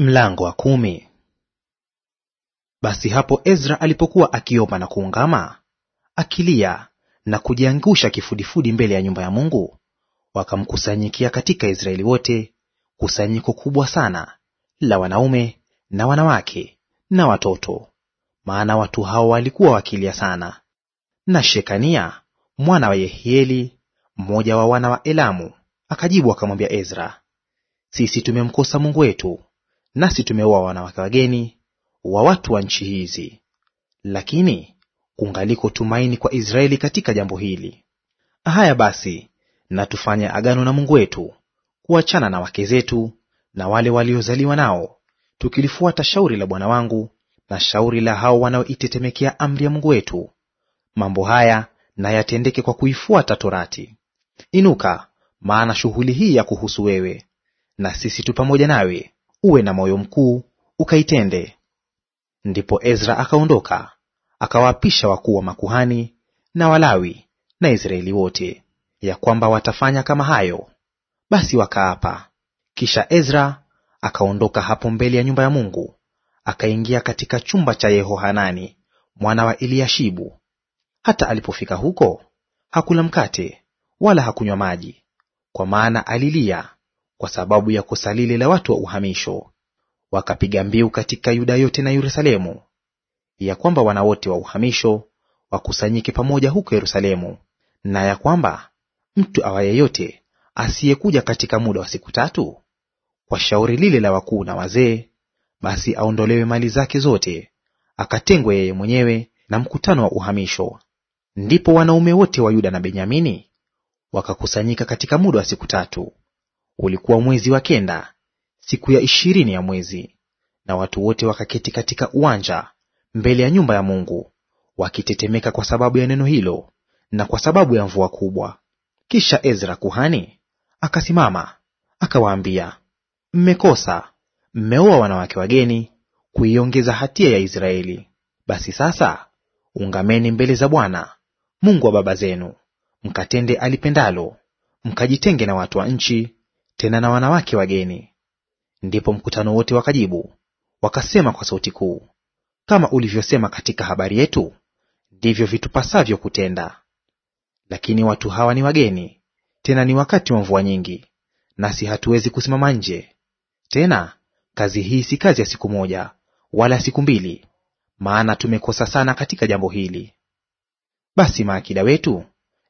Mlango wa kumi. Basi hapo Ezra alipokuwa akiomba na kuungama, akilia na kujiangusha kifudifudi mbele ya nyumba ya Mungu, wakamkusanyikia katika Israeli wote kusanyiko kubwa sana la wanaume na wanawake na watoto, maana watu hao walikuwa wakilia sana. Na Shekania mwana wa Yehieli, mmoja wa wana wa Elamu, akajibu akamwambia Ezra, sisi tumemkosa Mungu wetu nasi tumeoa wanawake wageni wa watu wa nchi hizi. Lakini kungaliko tumaini kwa Israeli katika jambo hili. Haya basi, na tufanye agano na Mungu wetu kuachana na wake zetu na wale waliozaliwa nao, tukilifuata shauri la bwana wangu na shauri la hao wanaoitetemekea amri ya Mungu wetu. Mambo haya na yatendeke kwa kuifuata Torati. Inuka, maana shughuli hii ya kuhusu wewe, na sisi tu pamoja nawe uwe na moyo mkuu ukaitende. Ndipo Ezra akaondoka akawaapisha wakuu wa makuhani na Walawi na Israeli wote, ya kwamba watafanya kama hayo. Basi wakaapa. Kisha Ezra akaondoka hapo mbele ya nyumba ya Mungu, akaingia katika chumba cha Yehohanani mwana wa Eliashibu. Hata alipofika huko hakula mkate wala hakunywa maji, kwa maana alilia kwa sababu ya kosa lile la watu wa uhamisho. Wakapiga mbiu katika Yuda yote na Yerusalemu, ya kwamba wana wote wa uhamisho wakusanyike pamoja huko Yerusalemu, na ya kwamba mtu awayeyote asiyekuja katika muda wa siku tatu kwa shauri lile la wakuu na wazee, basi aondolewe mali zake zote, akatengwe yeye mwenyewe na mkutano wa uhamisho. Ndipo wanaume wote wa Yuda na Benyamini wakakusanyika katika muda wa siku tatu. Ulikuwa mwezi wa kenda siku ya ishirini ya mwezi, na watu wote wakaketi katika uwanja mbele ya nyumba ya Mungu, wakitetemeka kwa sababu ya neno hilo na kwa sababu ya mvua kubwa. Kisha Ezra kuhani akasimama akawaambia, mmekosa, mmeoa wanawake wageni kuiongeza hatia ya Israeli. Basi sasa ungameni mbele za Bwana Mungu wa baba zenu, mkatende alipendalo, mkajitenge na watu wa nchi tena na wanawake wageni. Ndipo mkutano wote wakajibu wakasema kwa sauti kuu, kama ulivyosema katika habari yetu, ndivyo vitupasavyo kutenda. Lakini watu hawa ni wageni, tena ni wakati wa mvua nyingi, nasi hatuwezi kusimama nje. Tena kazi hii si kazi ya siku moja wala siku mbili, maana tumekosa sana katika jambo hili. Basi maakida wetu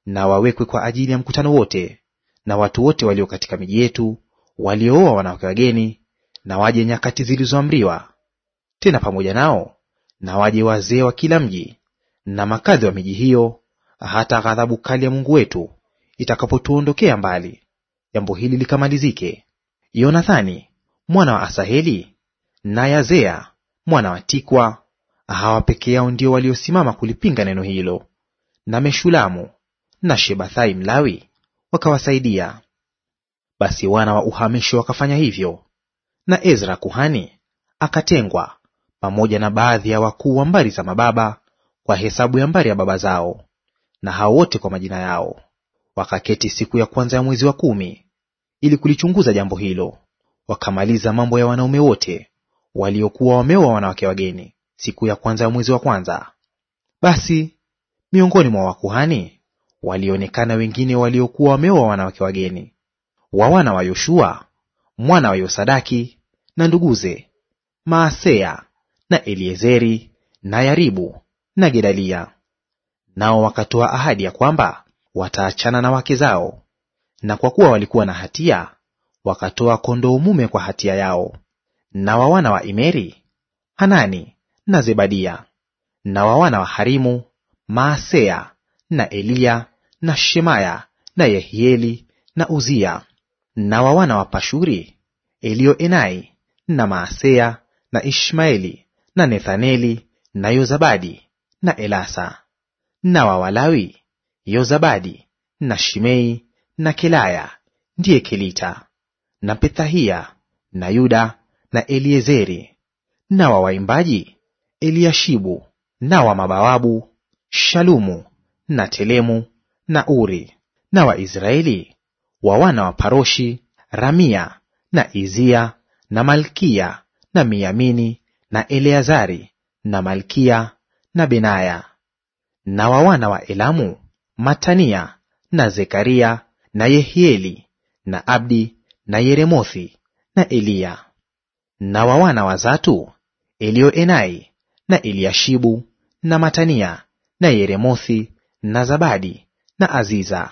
na wawekwe kwa ajili ya mkutano wote, na watu wote walio katika miji yetu waliooa wanawake wageni na waje nyakati zilizoamriwa; tena pamoja nao na waje wazee wa kila mji na makadhi wa miji hiyo, hata ghadhabu kali ya Mungu wetu itakapotuondokea mbali, jambo hili likamalizike. Yonathani mwana wa Asaheli na Yazea mwana wa Tikwa, hawa peke yao ndio waliosimama kulipinga neno hilo, na Meshulamu na Shebathai Mlawi wakawasaidia. Basi wana wa uhamisho wakafanya hivyo, na Ezra kuhani akatengwa pamoja na baadhi ya wakuu wa mbari za mababa kwa hesabu ya mbari ya baba zao, na hao wote kwa majina yao. Wakaketi siku ya kwanza ya mwezi wa kumi ili kulichunguza jambo hilo. Wakamaliza mambo ya wanaume wote waliokuwa wameoa wanawake wageni siku ya kwanza ya mwezi wa kwanza. Basi miongoni mwa wakuhani walionekana wengine waliokuwa wameoa wanawake wageni wa wana wa Yoshua mwana wa Yosadaki na nduguze Maaseya na Eliezeri na Yaribu na Gedalia. Nao wakatoa ahadi ya kwamba wataachana na wake zao, na kwa kuwa walikuwa na hatia, wakatoa kondoo mume kwa hatia yao. Na wa wana wa Imeri Hanani na Zebadia, na wa wana wa Harimu Maaseya na Eliya na Shemaya na Yehieli na Uzia; na wa wana wa Pashuri Elioenai na Maaseya na Ishmaeli na Nethaneli na Yozabadi na Elasa; na wa Walawi Yozabadi na Shimei na Kelaya ndiye Kelita na Pethahia na Yuda na Eliezeri; na wa waimbaji Eliashibu na wa mabawabu Shalumu na Telemu na Uri; na Waisraeli wa wana wa Paroshi, Ramia na Izia na malkia na Miyamini na Eleazari na malkia na Benaya; na wa wana wa Elamu, Matania na Zekaria na Yehieli na Abdi na Yeremothi na Eliya; na wa wana wa Zatu, Elioenai na Eliashibu na Matania na Yeremothi na Zabadi na Aziza.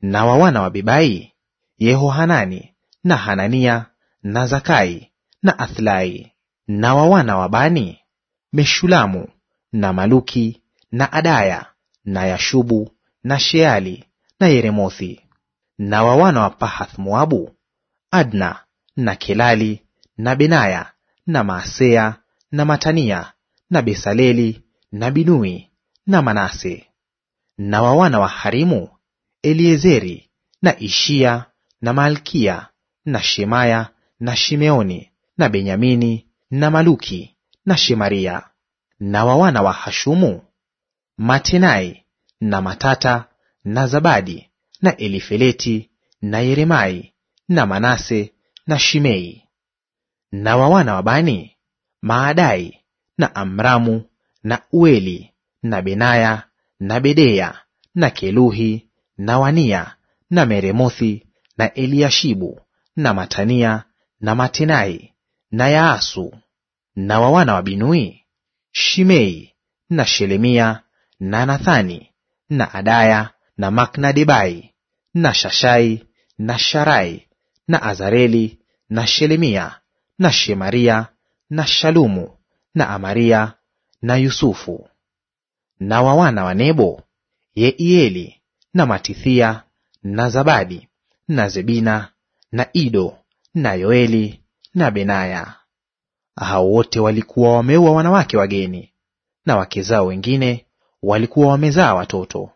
Na wa wana wa Bebai, Yehohanani na Hanania na Zakai na Athlai. Na wa wana wa Bani, Meshulamu na Maluki na Adaya na Yashubu na Sheali na Yeremothi. Na wa wana wa Pahath Moabu, Adna na Kelali na Benaya na Maasea na Matania na Besaleli na Binui na Manase na wa wana wa Harimu Eliezeri na Ishia na Malkia na Shemaya na Shimeoni na Benyamini na Maluki na Shemaria na wa wana wa Hashumu Matenai na Matata na Zabadi na Elifeleti na Yeremai na Manase na Shimei na wa wana wa Bani Maadai na Amramu na Ueli na Benaya na Bedea na Keluhi na Wania na Meremothi na Eliashibu na Matania na Matenai na Yaasu na wawana wa Binui Shimei na Shelemia na Nathani na Adaya na Maknadebai na Shashai na Sharai na Azareli na Shelemia na Shemaria na Shalumu na Amaria na Yusufu na wa wana wa Nebo, Yeieli na Matithia na Zabadi na Zebina na Ido na Yoeli na Benaya. Hao wote walikuwa wameua wanawake wageni, na wake zao wengine walikuwa wamezaa watoto.